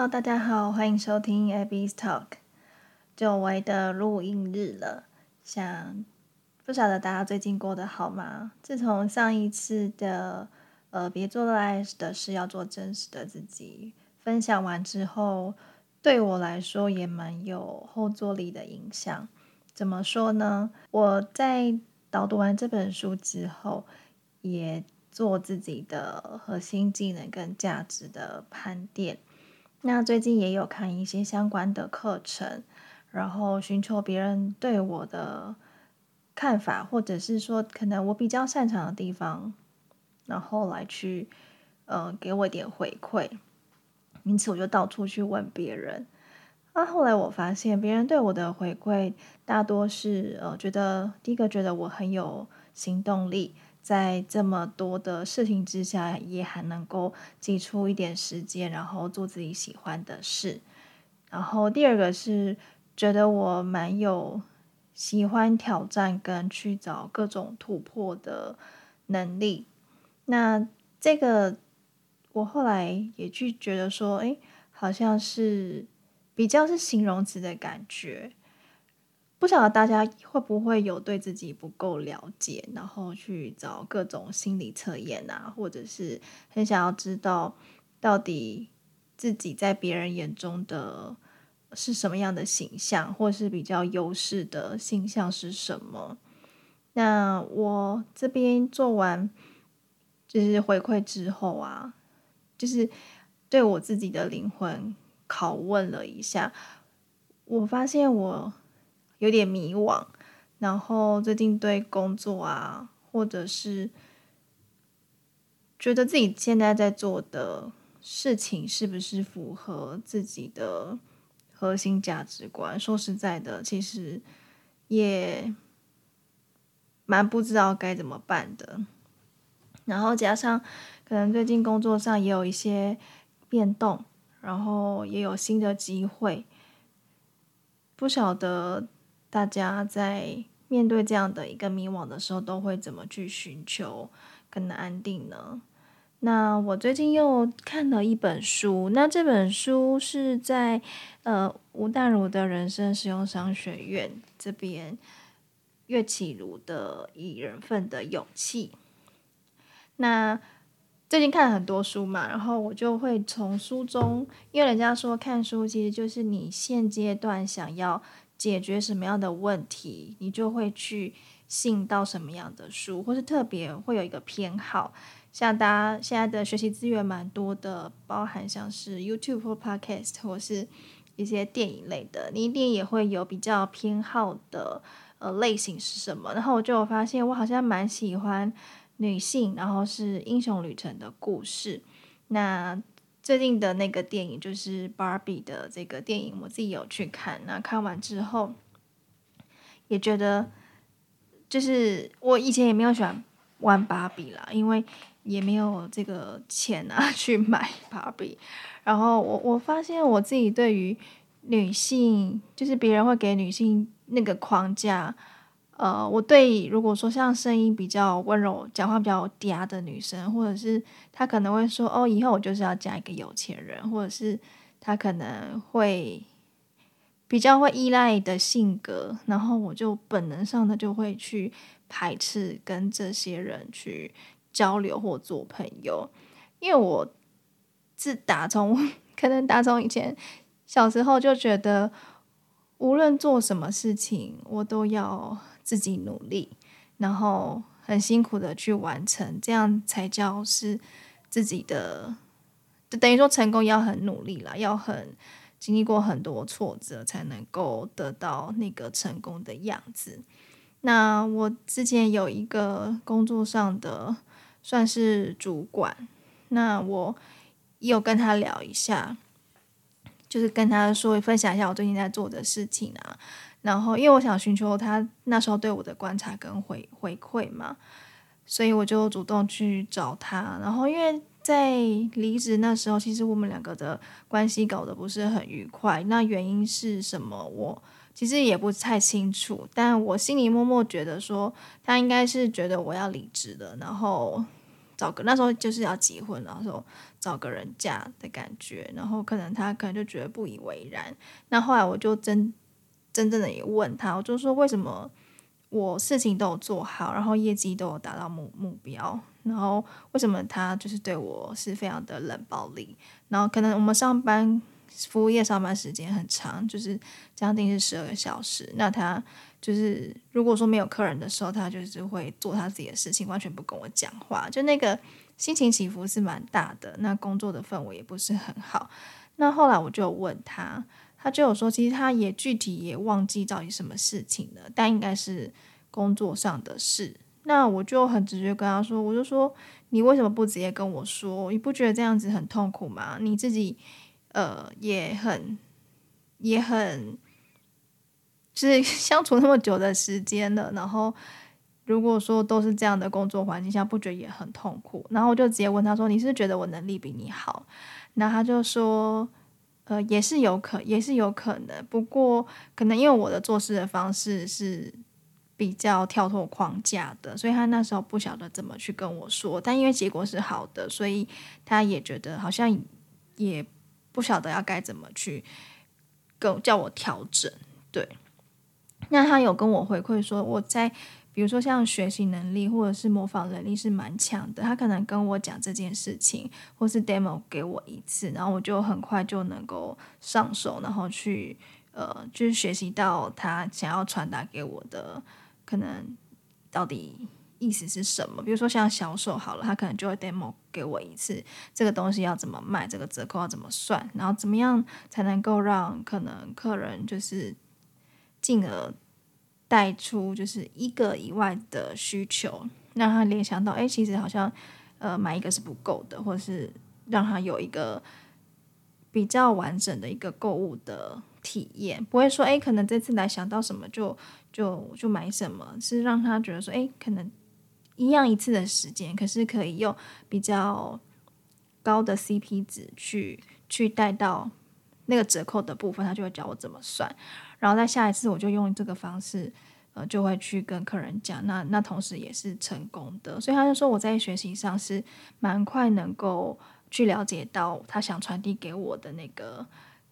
Hello，大家好，歡迎收聽 Abby's Talk。久違的錄音日了，想不曉得大家最近過得好嗎？自從上一次的呃，別做愛的事，要做真實的自己，分享完之後，對我來說也蠻有後坐力的影響。怎麼說呢？我在導讀完這本書之後，也做自己的核心技能跟價值的盤點。那最近也有看一些相關的課程，然後尋求別人對我的看法，或者是說可能我比較擅長的地方，然後來去呃給我一點回饋，因此我就到處去問別人。啊，後來我發現別人對我的回饋大多是呃覺得第一個覺得我很有行動力。在這麼多的事情之下，也還能夠擠出一點時間，然後做自己喜歡的事。然後第二個是覺得我蠻有喜歡挑戰跟去找各種突破的能力。那這個我後來也去覺得說，誒，好像是比較是形容詞的感覺。不曉得大家會不會有對自己不夠了解，然後去找各種心理測驗啊，或者是很想要知道到底自己在別人眼中的是什麼樣的形象，或是比較優勢的形象是什麼？那我這邊做完就是回饋之後啊，就是對我自己的靈魂拷問了一下，我發現我。有點迷惘，然後最近對工作啊，或者是覺得自己現在在做的事情是不是符合自己的核心價值觀。說實在的，其實也蠻不知道該怎麼辦的。然後加上可能最近工作上也有一些變動，然後也有新的機會，不曉得。大家在面對這樣的一個迷惘的時候，都會怎麼去尋求跟安定呢？那我最近又看了一本書，那這本書是在呃吳淡如的人生實用商學院這邊，岳啟如的《一人份的勇氣》。那最近看了很多書嘛，然後我就會從書中，因為人家說看書其實就是你現階段想要。解決什麼樣的問題，你就會去信到什麼樣的書，或是特別會有一個偏好。像大家現在的學習資源蠻多的，包含像是 YouTube 或 Podcast，或是一些電影類的，你一定也會有比較偏好的呃類型是什麼。然後我就發現，我好像蠻喜歡女性，然後是英雄旅程的故事。那最近的那個電影就是《Barbie》的這個電影，我自己有去看，那看完之後也覺得，就是我以前也沒有喜歡玩 Barbie 啦，因為也沒有這個錢啊去買 Barbie。然後我我發現我自己對於女性，就是別人會給女性那個框架。呃，我對如果說像聲音比較溫柔、講話比較嗲的女生，或者是她可能會說“哦，以後我就是要嫁一個有錢人”，或者是她可能會比較會依賴的性格，然後我就本能上的就會去排斥跟這些人去交流或做朋友，因為我自打從可能打從以前小時候就覺得，無論做什麼事情，我都要。自己努力，然後很辛苦的去完成，這樣才叫是自己的，就等於說成功要很努力啦，要很經歷過很多挫折才能夠得到那個成功的樣子。那我之前有一個工作上的算是主管，那我也有跟他聊一下，就是跟他說分享一下我最近在做的事情啊。然後，因為我想尋求他那時候對我的觀察跟回回饋嘛，所以我就主動去找他。然後，因為在離職那時候，其實我們兩個的關係搞得不是很愉快。那原因是什麼？我其實也不太清楚，但我心裡默默覺得說，他應該是覺得我要離職了，然後找個那時候就是要結婚，然後說找個人嫁的感覺，然後可能他可能就覺得不以為然。那後來我就真。真正的也問他，我就說為什麼我事情都有做好，然後業績都有達到目目標，然後為什麼他就是對我是非常的冷暴力？然後可能我們上班服務業上班時間很長，就是將近是十二個小時。那他就是如果說沒有客人的時候，他就是會做他自己的事情，完全不跟我講話。就那個心情起伏是蠻大的，那工作的氛圍也不是很好。那後來我就問他。他就有說，其實他也具體也忘記到底什麼事情了，但應該是工作上的事。那我就很直接跟他說，我就說你為什麼不直接跟我說？你不覺得這樣子很痛苦嗎？你自己呃也很也很，就是相處那麼久的時間了，然後如果說都是這樣的工作環境下，不覺得也很痛苦？然後我就直接問他說，你是覺得我能力比你好？然後他就說。呃，也是有可，也是有可能，不過可能因為我的做事的方式是比較跳脫框架的，所以他那時候不曉得怎麼去跟我說，但因為結果是好的，所以他也覺得好像也不曉得要該怎麼去跟叫我調整，對。那他有跟我回饋說我在。比如說像學習能力或者是模仿能力是蠻強的，他可能跟我講這件事情，或是 demo 給我一次，然後我就很快就能夠上手，然後去呃就是學習到他想要傳達給我的可能到底意思是什麼。比如說像銷售好了，他可能就會 demo 給我一次，這個東西要怎麼賣，這個折扣要怎麼算，然後怎麼樣才能夠讓可能客人就是進而。帶出就是一個以外的需求，讓他聯想到，欸，其實好像，呃，買一個是不夠的，或者是讓他有一個比較完整的一個購物的體驗，不會說，欸，可能這次來想到什麼就就就買什麼，是讓他覺得說，欸，可能一樣一次的時間，可是可以用比較高的 CP 值，去去帶到那個折扣的部分，他就會教我怎麼算。然後再下一次，我就用這個方式，呃，就會去跟客人講。那那同時也是成功的，所以他就說我在學習上是蠻快能夠去了解到他想傳遞給我的那個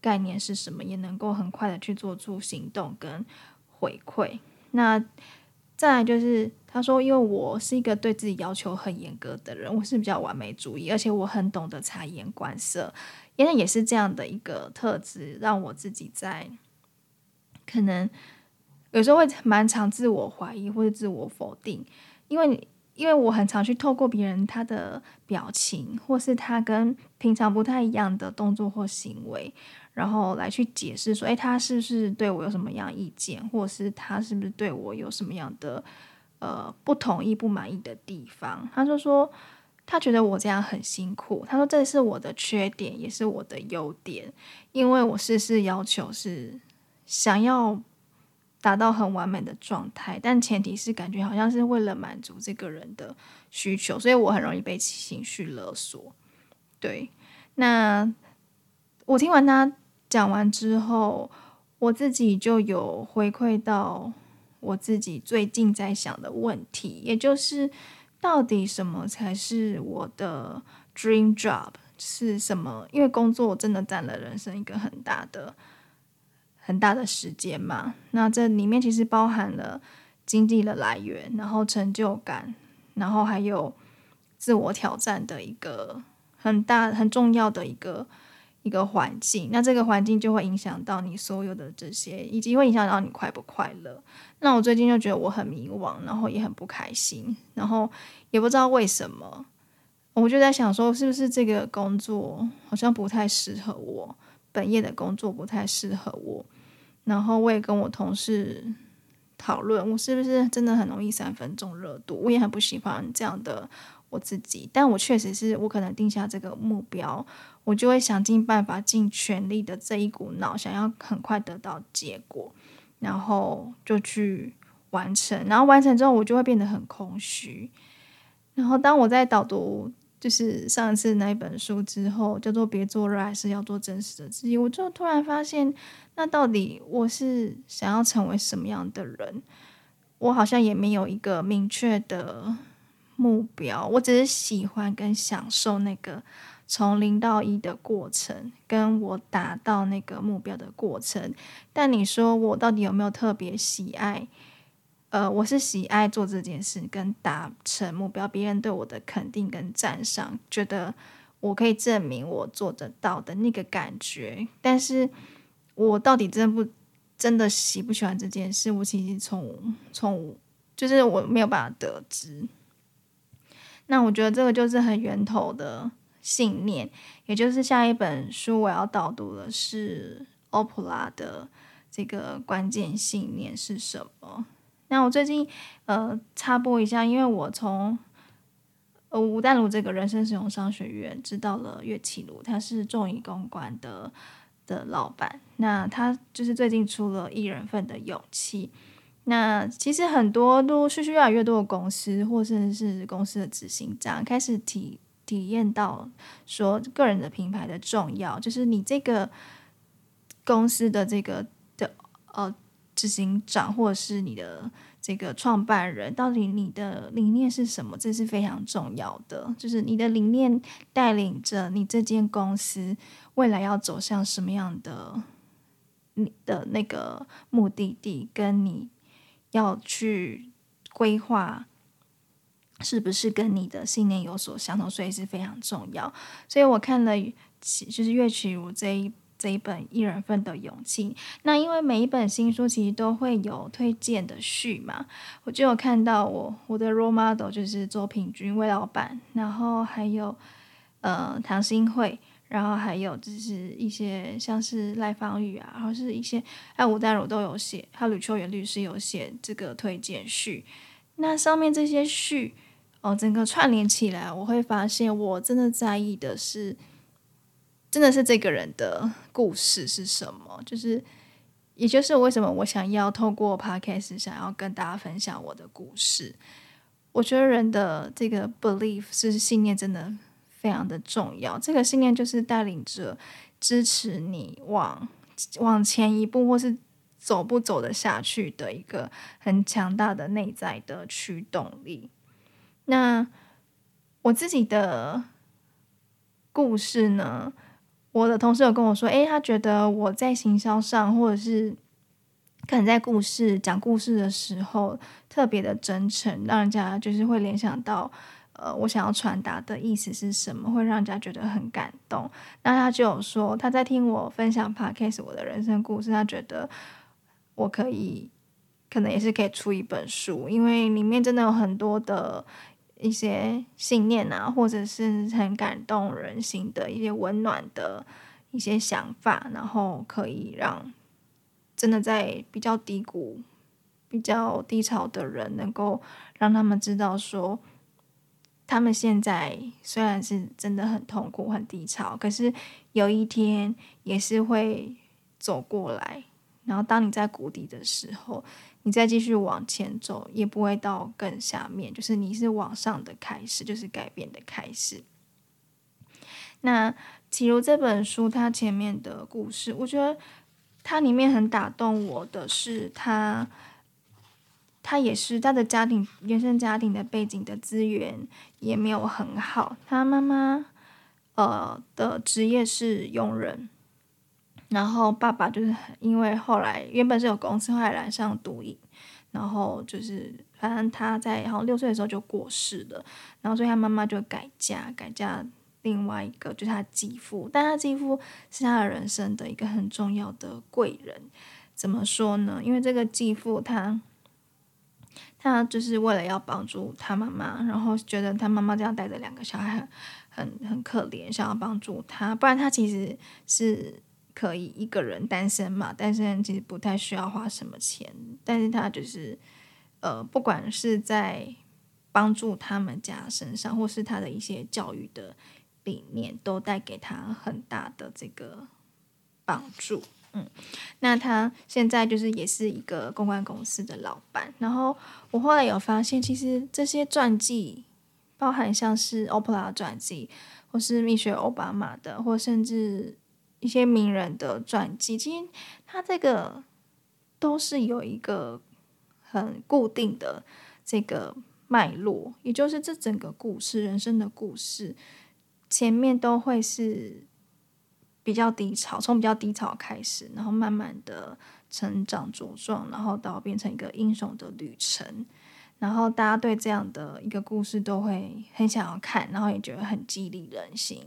概念是什麼，也能夠很快的去做出行動跟回饋。那再來就是他說，因為我是一個對自己要求很嚴格的人，我是比較完美主義，而且我很懂得察言觀色，因為也是這樣的一個特質，讓我自己在。可能有時候會蠻常自我懷疑或者自我否定，因為因為我很常去透過別人他的表情，或是他跟平常不太一樣的動作或行為，然後來去解釋說，哎、欸，他是不是對我有什麼樣意見，或是他是不是對我有什麼樣的呃不同意不滿意的地方？他就說說他覺得我這樣很辛苦，他說這是我的缺點，也是我的優點，因為我事事要求是。想要達到很完美的狀態，但前提是感覺好像是為了滿足這個人的需求，所以我很容易被情緒勒索。對，那我聽完他講完之後，我自己就有回饋到我自己最近在想的問題，也就是到底什麼才是我的 dream job，是什麼？因為工作真的占了人生一個很大的。很大的時間嘛，那這裡面其實包含了經濟的來源，然後成就感，然後還有自我挑戰的一個很大很重要的一個一個環境。那這個環境就會影響到你所有的這些，以及會影響到你快不快樂。那我最近就覺得我很迷惘，然後也很不開心，然後也不知道為什麼，我就在想說，是不是這個工作好像不太適合我。本業的工作不太適合我，然後我也跟我同事討論，我是不是真的很容易三分鐘熱度？我也很不喜歡這樣的我自己，但我確實是我可能定下這個目標，我就會想盡辦法、盡全力的這一股腦，想要很快得到結果，然後就去完成，然後完成之後我就會變得很空虛。然後當我在導讀。就是上一次那一本書之後，叫做“別做熱愛，還是要做真實的自己”，我就突然發現，那到底我是想要成為什麼樣的人？我好像也沒有一個明確的目標，我只是喜歡跟享受那個從零到一的過程，跟我達到那個目標的過程。但你說我到底有沒有特別喜愛？呃，我是喜愛做這件事跟達成目標，別人對我的肯定跟讚賞，覺得我可以證明我做得到的那個感覺。但是，我到底真不真的喜不喜歡這件事？我其實從從就是我沒有辦法得知。那我覺得這個就是很源頭的信念，也就是下一本書我要導讀的是歐普拉的這個關鍵信念是什麼？那我最近呃插播一下，因為我從呃吳淡如這個人生實用商學院知道了岳啟儒，他是眾議公關的的老板。那他就是最近出了一人份的勇氣。那其實很多陸續續越來越多的公司，或者是公司的執行長，開始體體驗到說個人的品牌的重要，就是你這個公司的這個的呃。執行長，或者是你的這個創辦人，到底你的理念是什麼？這是非常重要的，就是你的理念帶領着你這間公司未來要走向什麼樣的你的那個目的地，跟你要去規劃是不是跟你的信念有所相同，所以是非常重要。所以我看了，就是樂曲如這一。這一本一人份的勇氣，那因為每一本新書其實都會有推薦的序嘛，我就有看到我我的 role model 就是周品均唯品老闆，然後還有呃唐心慧，然後還有就是一些像是賴芳玉啊，然後是一些還有吳淡如都有寫，還有呂秋遠律師有寫這個推薦序，那上面這些序哦整個串聯起來，我會發現我真的在意的是。真的是這個人的故事是什麼？就是，也就是為什麼我想要透過 podcast 想要跟大家分享我的故事。我覺得人的這個 belief 是信念，真的非常的重要。這個信念就是帶領着支持你往往前一步，或是走不走得下去的一個很強大的內在的驅動力。那我自己的故事呢？我的同事有跟我說，誒，他覺得我在行銷上，或者是可能在故事講故事的時候，特別的真誠，讓人家就是會聯想到，呃，我想要傳達的意思是什麼，會讓人家覺得很感動。那他就有說，他在聽我分享 Podcast，我的人生故事，他覺得我可以，可能也是可以出一本書，因為裡面真的有很多的。一些信念啊，或者是很感動人心的一些溫暖的一些想法，然後可以讓真的在比較低谷，比較低潮的人，能夠讓他們知道說，他們現在雖然是真的很痛苦，很低潮，可是有一天也是會走過來。然後當你在谷底的時候，你再繼續往前走，也不會到更下面。就是你是往上的開始，就是改變的開始。那《其如》這本書，它前面的故事，我覺得它裡面很打動我的是，他他也是他的家庭原生家庭的背景的資源也沒有很好。他媽媽呃的職業是傭人。然後爸爸就是因為後來原本是有公司，後來染上毒癮，然後就是反正他在好像六歲的時候就過世了，然後所以他媽媽就改嫁，改嫁另外一個就是他繼父，但他繼父是他的人生的一個很重要的貴人，怎麼說呢？因為這個繼父他他就是為了要幫助他媽媽，然後覺得他媽媽這樣帶着兩個小孩很很很可憐，想要幫助他，不然他其實是。可以一個人單身嘛？單身其實不太需要花什麼錢，但是他就是，呃，不管是在幫助他們家身上，或是他的一些教育的理念，都帶給他很大的這個幫助。嗯，那他現在就是也是一個公關公司的老闆。然後我後來有發現，其實這些傳記，包含像是奧普拉傳記，或是蜜雪奧巴馬的，或甚至。一些名人的傳記，其實他這個都是有一個很固定的這個脈絡，也就是這整個故事、人生的故事，前面都會是比較低潮，從比較低潮開始，然後慢慢的成長茁壯，然後到變成一個英雄的旅程，然後大家對這樣的一個故事都會很想要看，然後也覺得很激勵人心。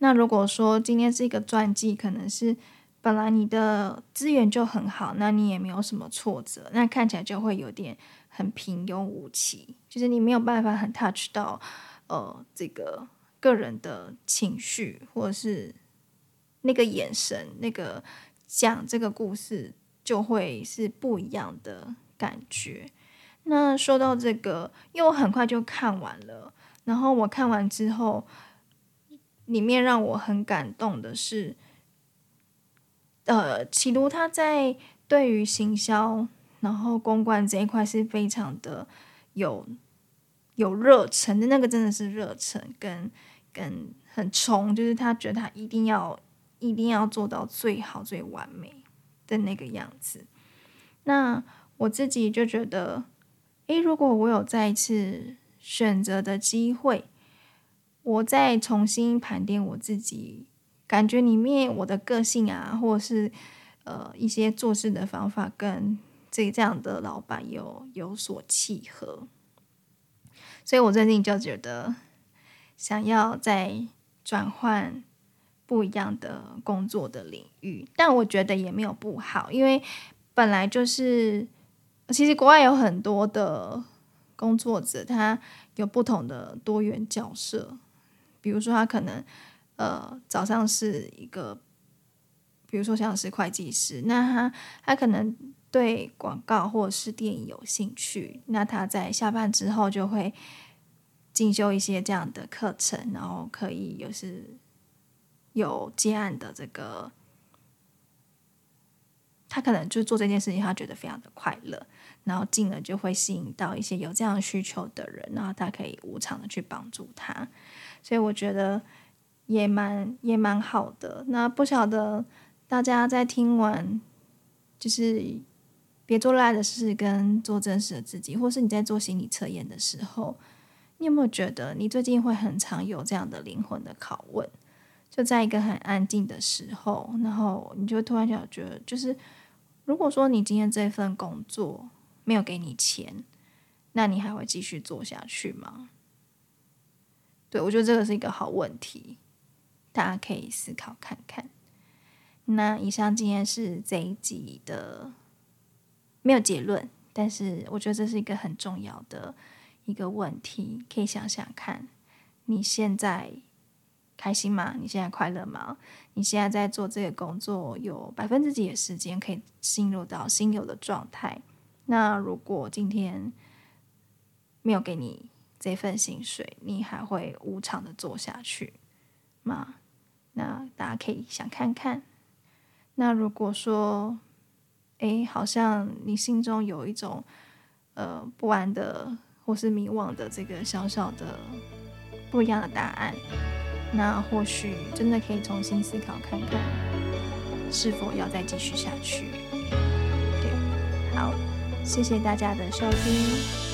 那如果說今天是一個傳記，可能是本來你的資源就很好，那你也沒有什麼挫折，那看起來就會有點很平庸無奇。就是你沒有辦法很 touch 到，呃，這個個人的情緒或者是那個眼神，那個講這個故事就會是不一樣的感覺。那說到這個，因為我很快就看完了，然後我看完之後。裡面讓我很感動的是，呃，啟如他在對於行銷，然後公關這一塊是非常的有有熱忱的，那個真的是熱忱，跟跟很衝，就是他覺得他一定要一定要做到最好、最完美的那個樣子。那我自己就覺得，誒，如果我有再一次選擇的機會。我再重新盤點我自己感覺裡面，我的個性啊，或者是呃一些做事的方法，跟這這樣的老板有有所契合，所以我最近就覺得想要再轉換不一樣的工作的領域，但我覺得也沒有不好，因為本來就是其實國外有很多的工作者，他有不同的多元角色。比如說，他可能，呃，早上是一個，比如說像是會計師，那他他可能對廣告或是電影有興趣，那他在下班之後就會進修一些這樣的課程，然後可以有是有接案的這個。他可能就做這件事情，他覺得非常的快樂，然後進而就會吸引到一些有這樣需求的人，然後他可以無償的去幫助他，所以我覺得也蠻也蠻好的。那不曉得大家在聽完就是別做賴的事跟做真實的自己，或是你在做心理測驗的時候，你有沒有覺得你最近會很常有這樣的靈魂的拷問？就在一個很安靜的時候，然後你就突然想覺得就是。如果說你今天這份工作沒有給你錢，那你還會繼續做下去嗎？對，我覺得這個是一個好問題，大家可以思考看看。那以上今天是這一集的沒有結論，但是我覺得這是一個很重要的一個問題，可以想想看，你現在。開心嗎？你現在快樂嗎？你現在在做這個工作，有百分之幾的時間可以進入到心流的狀態？那如果今天沒有給你這份薪水，你還會無償的做下去嗎？那大家可以想看看。那如果說，哎、欸，好像你心中有一種呃不安的，或是迷惘的，這個小小的不一樣的答案。那或許真的可以重新思考看看，是否要再繼續下去。對，好，謝謝大家的收聽。